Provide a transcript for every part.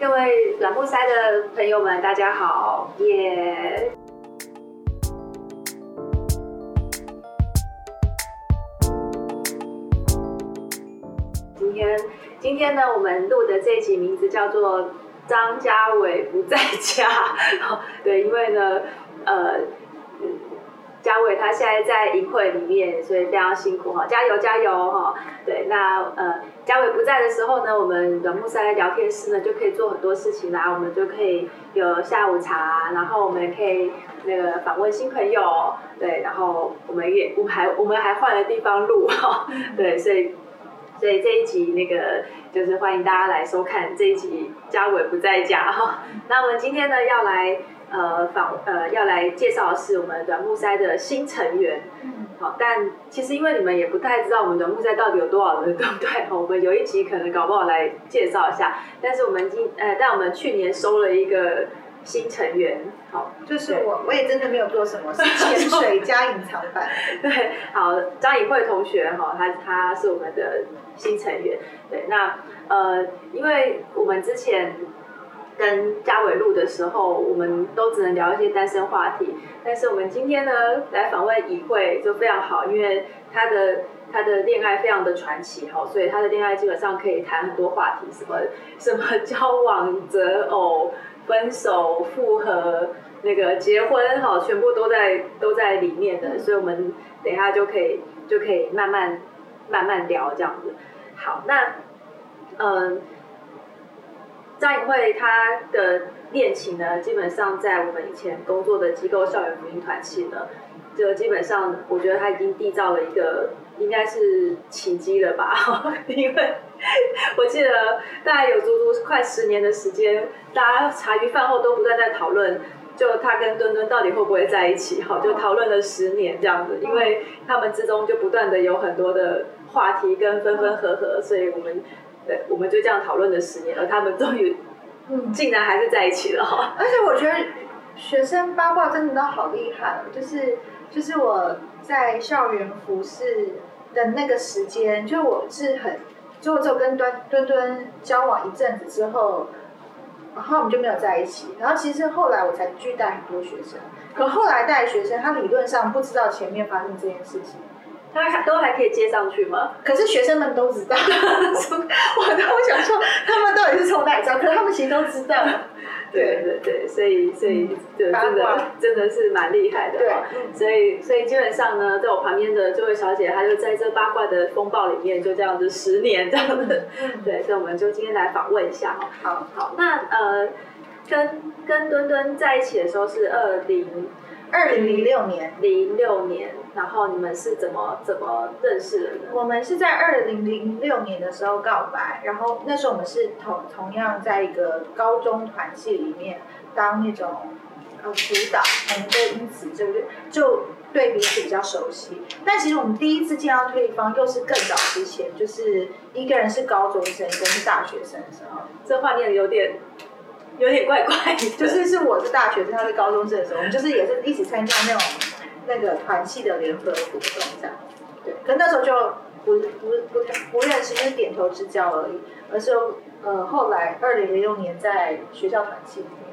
各位軟木塞的朋友們，大家好，耶！Yeah. 今天，今天呢，我們錄的這集名字叫做《張嘉偉不在家，》 對，因為呢，呃，嘉偉他現在在營會裡面，所以非常辛苦哈，加油加油哈，對，那呃。嘉偉不在的時候呢，我們軟木塞聊天室呢就可以做很多事情啦。我們就可以有下午茶、啊，然後我們也可以那個訪問新朋友、喔，對。然後我們也，我們還，我們還換了地方錄哈、喔，對。所以，所以這一集那個就是歡迎大家來收看這一集嘉偉不在家哈、喔。那我們今天呢要來呃訪呃要來介紹的是我們軟木塞的新成員。好，但其實因為你們也不太知道我們的木塞到底有多少人，對不對？嗯、我們有一集可能搞不好來介紹一下。但是我們今呃，但我們去年收了一個新成員，好，就是我，對我,我也真的沒有做什麼，是潛 水加隱藏版，對，好張穎慧同學哈，他她是我們的新成員，對，那呃，因為我們之前。跟嘉偉錄的時候，我們都只能聊一些單身話題。但是我們今天呢，來訪問儀慧就非常好，因為他的他的戀愛非常的傳奇哈，所以他的戀愛基本上可以談很多話題，什麼什麼交往擇偶、分手、復合、那個結婚哈，全部都在都在裡面的。所以我們等一下就可以就可以慢慢慢慢聊這樣子。好，那嗯。張穎慧她的戀情呢，基本上在我們以前工作的機構校園民團期呢，就基本上我覺得他已經締造了一個應該是奇蹟了吧，因為我記得大概有足足快十年的時間，大家茶餘飯後都不斷在討論，就他跟墩墩到底會不會在一起，就討論了十年這樣子，因為他們之中就不斷的有很多的話題跟分分合合，嗯、所以我們。對，我們就這樣討論了十年，而他們終於，嗯，竟然還是在一起了哈、嗯。而且我覺得學生八卦真的都好厲害、哦，就是就是我在校園服事的那個時間，就我是很，就我就跟端端端交往一陣子之後，然後我們就沒有在一起，然後其實後來我才去帶很多學生，可後來帶的學生他理論上不知道前面發生這件事情。他都還可以接上去嗎？可是學生們都知道， 我都不想說他們到底是從哪一張，可是他們其實都知道。對對對，所以所以對，嗯、就真的卦真的是蠻厲害的、喔。對，嗯、所以所以基本上呢，在我旁邊的這位小姐，她就在這八卦的風暴裡面，就這樣子十年這樣子。嗯、對，所以我們就今天來訪問一下好、喔、好，好，那呃，跟跟墩墩在一起的時候是二零。二零零六年，零六、嗯、年，然後你們是怎麼怎麼認識的？我們是在二零零六年的時候告白，然後那時候我們是同同樣在一個高中團系裡面當那種呃、啊、輔導，我、這、們、個、就因此就就對彼此比較熟悉。但其實我們第一次見到對方，又是更早之前，就是一個人是高中生，一個是大學生的時候，嗯、這話念的有點。有點怪怪，就是是我是大學生，他是高中生的時候， 我們就是也是一起參加那種那個團契的聯合活動這樣對，可那時候就不不不不認識，只是點頭之交而已。而是、呃、後來二零零六年在學校團契裡面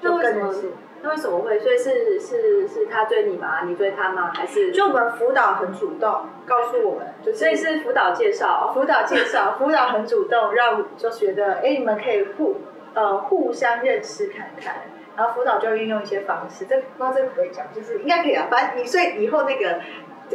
就更是那，那為什麼會？所以是是是他追你嗎？你追他嗎？還是就我們輔導很主動告訴我們，就是、對所以是輔導介紹，輔對、哦、導介紹，輔 導很主動，讓就覺得哎、欸，你們可以互。呃，互相認識看看，然後輔導就運用一些方式。這不知道，這個可以講，就是應該可以啊。反正你，所以以後那個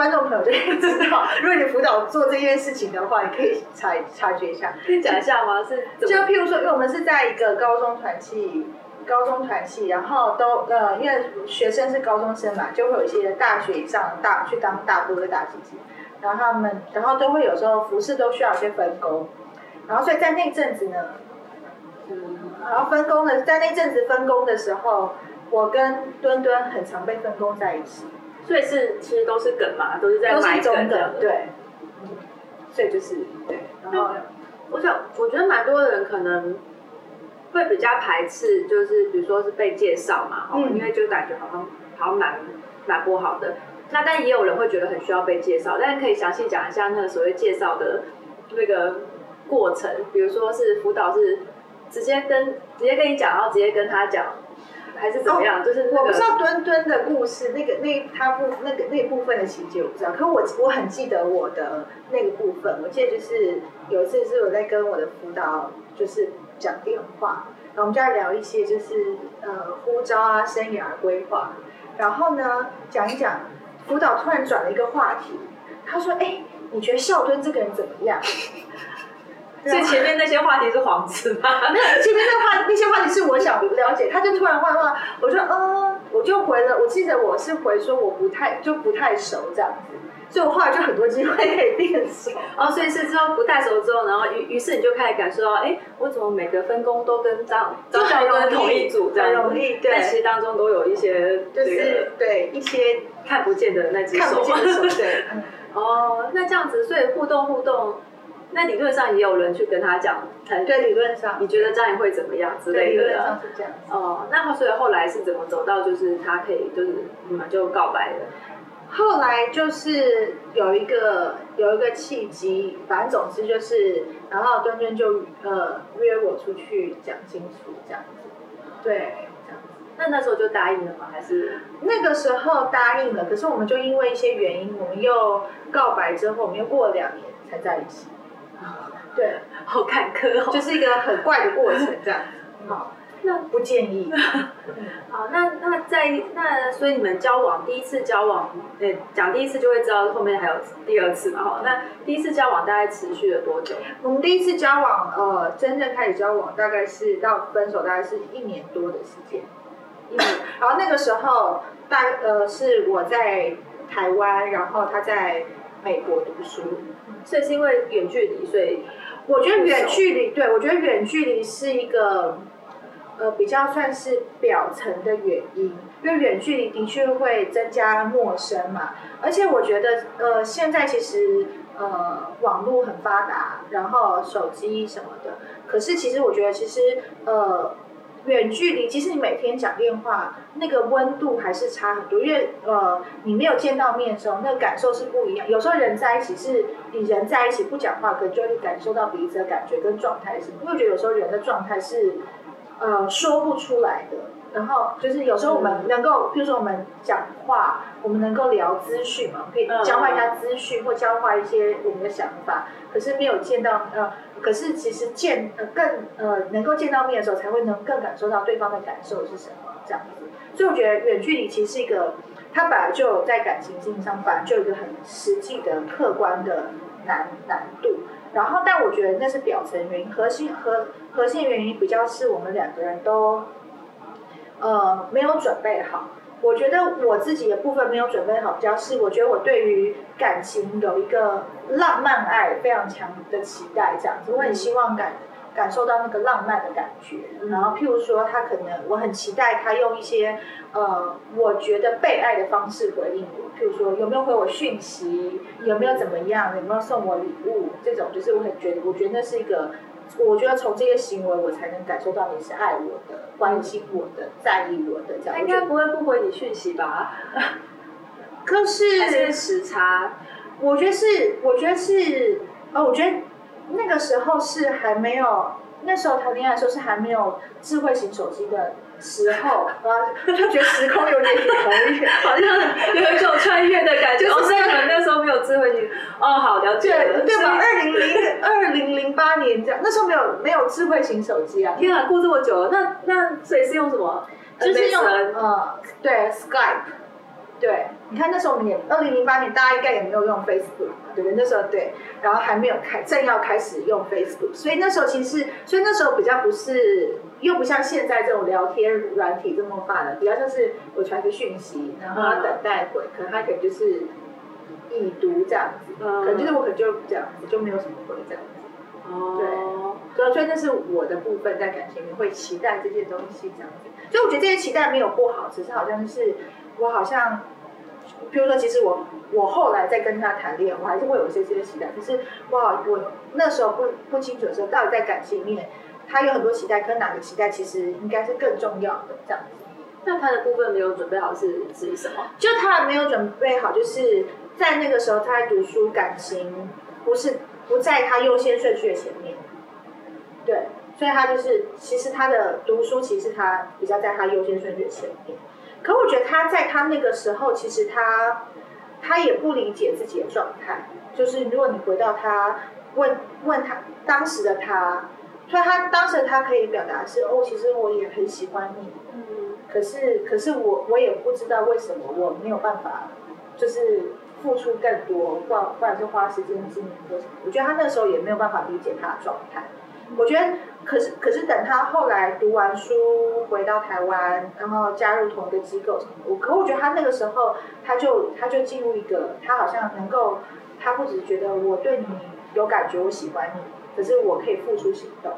觀眾朋友可以知道，如果你輔導做這件事情的話，你可以察察覺一下。可以講一下嗎？是就譬如說，因為我們是在一個高中團契，高中團契，然後都呃，因為學生是高中生嘛，就會有一些大學以上大去當大哥哥大姐姐，然後他們，然後都會有時候服事都需要一些分工，然後所以在那陣子呢。嗯、然後分工的，在那陣子分工的時候，我跟墩墩很常被分工在一起，所以是其實都是梗嘛，都是在埋梗的，都是中梗，對。對，所以就是，對。然後我想，我覺得蠻多人可能會比較排斥，就是比如說是被介紹嘛，嗯、因為就感覺好像好像蠻蠻不好的。那但也有人會覺得很需要被介紹，但可以詳細講一下那個所謂介紹的那個過程，比如說是輔導是。直接跟直接跟你講，然後直接跟他講，還是怎麼樣？哦、就是、那個、我不知道墩墩的故事，那個那他部那個那個那個、部分的情節我不知道，可是我我很記得我的那個部分，我記得就是有一次是我在跟我的輔導就是講電話，然後我們就在聊一些就是呃，呼召啊，生涯規劃，然後呢講一講，輔導突然轉了一個話題，他說：“哎，你覺得笑墩這個人怎麼樣？” 所以前面那些話題是幌子嗎？嗯、前面那話那些話題是我想不了解， 他就突然換話，我就呃，我就回了。我記得我是回說我不太就不太熟這樣子，所以我後來就很多機會變熟。然後、 哦、所以是之後不太熟之後，然後於於是你就開始感受到，哎、欸，我怎麼每個分工都跟張都跟同一組這樣很容易對對其實當中都有一些就是個對，一些看不見的那隻手對。 哦，那這樣子，所以互動互動。那理論上也有人去跟他講，對，理論上，你覺得這樣也會怎麼樣對之類的？對，理論上是這樣子。哦，那所以後來是怎麼走到就是他可以就是你們、嗯、就告白了？嗯、後來就是有一個有一個契機，反正總之就是，然後端端就呃約我出去講清楚這樣子。嗯、對，這樣子。那那時候就答應了嗎？還是、嗯、那個時候答應了，可是我們就因為一些原因，我們又告白之後，我們又過了兩年才在一起。對，好坎坷，哦，就是一個很怪的過程這樣，嗯、好，那不建議。嗯、那，那在那，所以你們交往第一次交往，講、欸、第一次就會知道後面還有第二次嘛，哈。那第一次交往大概持續了多久？嗯、我們第一次交往，呃，真正開始交往，大概是到分手大概是一年多的時間。一年， 然後那個時候大概呃是我在台灣，然後他在美國讀書，所以、嗯、是因為遠距離，所以。我覺得遠距離，對，我覺得遠距離是一個，呃，比較算是表層的原因，因為遠距離的確會增加陌生嘛，而且我覺得，呃，現在其實，呃，網絡很發達，然後手機什麼的，可是其實我覺得，其實，呃。遠距離，其實你每天講電話，那個溫度還是差很多。因為呃，你沒有見到面的時候，那個感受是不一樣。有時候人在一起是，你人在一起不講話，可能就會感受到彼此的感覺跟狀態是。因為我覺得有時候人的狀態是，呃，說不出來的。然後就是有時候我們能夠，譬是如說我們講話，我們能夠聊資訊嘛，我們、嗯、可以交換一下資訊，嗯、或交換一些我們的想法。嗯、可是沒有見到呃，可是其實見呃更呃能夠見到面的時候，才會能更感受到對方的感受是什麼這樣子。所以我覺得遠距離其實是一個，它本來就有在感情經營上，本來就有一個很實際的客觀的難難度。然後但我覺得那是表層原因，核心核核心原因比較是我們兩個人都。呃，沒有準備好。我覺得我自己的部分沒有準備好，主要是我覺得我對於感情有一個浪漫愛非常強的期待，這樣子，我很希望感感受到那個浪漫的感覺。然後譬如說他可能，我很期待他用一些呃，我覺得被愛的方式回應我，譬如說有沒有回我訊息，有沒有怎麼樣，有沒有送我禮物，這種就是我很覺得，我覺得那是一個。我覺得從這些行為，我才能感受到你是愛我的、關心我的、嗯、在意我的這樣。他應該不會不回你訊息吧？ 可是，這是時差。我覺得是，我覺得是，呃、哦，我覺得那個時候是還沒有，那時候談戀愛的時候是還沒有智慧型手機的。時候，他覺得時空有點穿越， 好像有一種穿越的感覺。哦、那個，是可能那時候沒有智慧型。哦，好，了解了，對，對吧？二零零二零零八年這樣，那時候沒有沒有智慧型手機啊！天啊，過這麼久了，那那所以是用什麼？就是用嗯，對，Skype。對，你看那時候我們也二零零八年，大家應該也沒有用 Facebook，對，那時候對，然後還沒有開，正要開始用 Facebook，所以那時候其實，所以那時候比較不是。又不像現在這種聊天軟體這麼了，比較像是我傳個訊息，然後他等待回。Uh huh. 可能他可能就是已讀這樣子，uh huh. 可能就是我可能就不這樣子，我就沒有什麼回這樣子。對、uh huh.，所以那是我的部分在感情裡面、uh huh. 會期待這些東西這樣子，所以我覺得這些期待沒有不好，只是好像、就是我好像，譬如說其實我我後來在跟他談戀愛，我還是會有一些些的期待，可是哇我，我那時候不不清楚的時候，到底在感情裡面。他有很多期待，跟哪個期待其實應該是更重要的這樣子？那他的部分沒有準備好是指什麼？就他沒有準備好，就是在那個時候，他在讀書，感情不是不在他優先順序的前面。對，所以他就是其實他的讀書，其實他比較在他優先順序的前面。可我覺得他在他那個時候，其實他他也不理解自己的狀態。就是如果你回到他問問他當時的他，所以他當時他可以表達是哦，其實我也很喜歡你，嗯，可是可是我我也不知道為什麼，我沒有辦法，就是付出更多，或不管是花時間精力做什麼，我覺得他那時候也沒有辦法理解他的狀態。嗯、我覺得，可是可是等他後來讀完書回到台灣，然後加入同一個機構什麼的，我可我覺得他那個時候他就他就進入一個他好像能夠，嗯、他不只是覺得我對你有感覺，我喜歡你。可是我可以付出行動，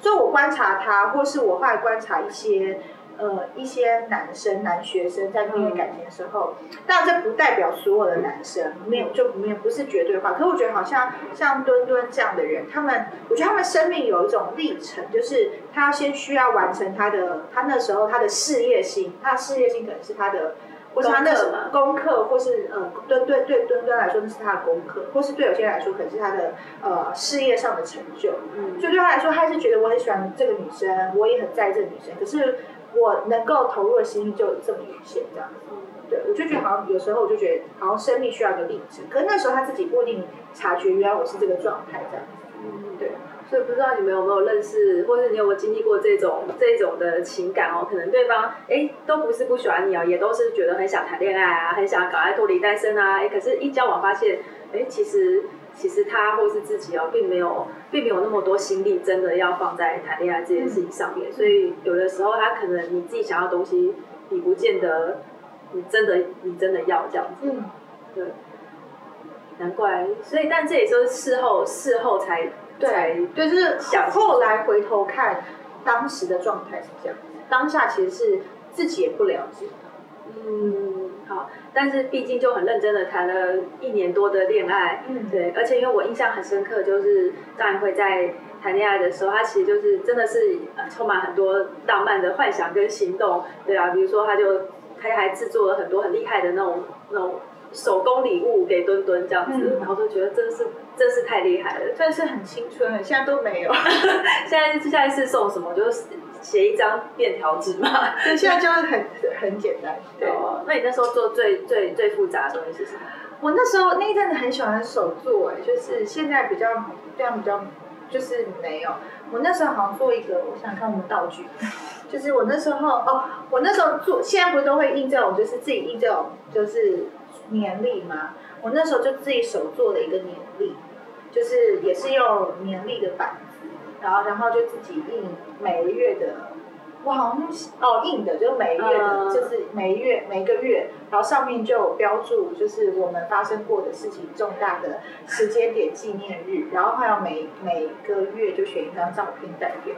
所以我觀察他，或是我後來觀察一些，呃，一些男生、男學生在面對感情的時候，但這不代表所有的男生沒有就不沒有不是絕對化。可是我覺得好像像墩墩這樣的人，他們我覺得他們生命有一種歷程，就是他要先需要完成他的，他那時候他的事業心，他的事業心可能是他的。或是他的功課，或是呃敦敦，對敦敦來說那是他的功課，或是對有些人來說，可能是他的呃事業上的成就，嗯，所以對他來說，他還是覺得我很喜歡這個女生，我也很在意這個女生，可是我能夠投入的心就這麼有限，這樣子，嗯、對，我就覺得好像有時候我就覺得好像生命需要一個理智，可是那時候他自己不一定察覺，原來我是這個狀態，這樣子，嗯、對。所以不知道你們有沒有認識，或是你有沒有經歷過這種這種的情感哦、喔？可能對方哎、欸、都不是不喜歡你哦、喔，也都是覺得很想談戀愛啊，很想搞愛脫離單身啊。哎、欸，可是一交往發現，哎、欸，其實其實他或是自己哦、喔，並沒有並沒有那麼多心力，真的要放在談戀愛這件事情上面。嗯嗯、所以有的時候他可能你自己想要東西，你不見得你真的你真的要這樣子。嗯、對，難怪。所以但這也就是事後事後才。對，就是想後來回頭看，當時的狀態是這樣，當下其實是自己也不了解。嗯，好，但是畢竟就很認真的談了一年多的戀愛，嗯，對，而且因為我印象很深刻，就是張顏輝在談戀愛的時候，他其實就是真的是充滿很多浪漫的幻想跟行動，對啊，比如說他就他還制作了很多很厲害的那種那種手工禮物給墩墩這樣子，嗯、然後就覺得真的是。真是太厲害了，真是很青春了，現在都沒有。 現在現在是送什麼？就是寫一張便條紙嘛，對，現在就是很很簡單。對，對那你那時候做最最最複雜的東西是什麼？我那時候那一陣子很喜歡手做、欸，就是現在比較這樣比較就是沒有。我那時候好像做一個，我想看我們道具，就是我那時候哦，我那時候做，現在不是都會印這種，就是自己印這種就是年曆嗎？我那時候就自己手做了一個年曆。就是也是用年曆的版子，然後然後就自己印每個月的，哇哦印的就每個月的，就是每月、嗯、是每月，每個月，然後上面就標註就是我們發生過的事情重大的時間點紀念日，然後還有每每個月就選一張照片代表，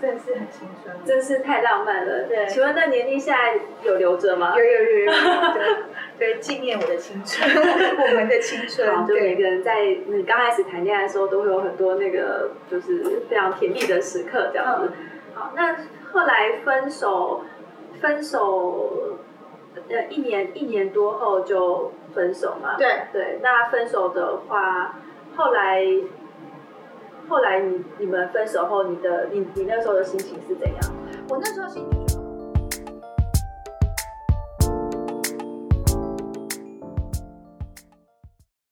真是很青春，真是太浪漫了。對，對請問那年曆現在有留着嗎？有有、有有有。 紀念我的青春，我們的青春。 就每個人在你剛開始談戀愛的時候，都會有很多那個，就是非常甜蜜的時刻，這樣子。嗯、好，那後來分手，分手，一年一年多後就分手嘛。對對，那分手的話，後來，後來你你們分手後你，你的你你那時候的心情是怎樣？我那時候心情。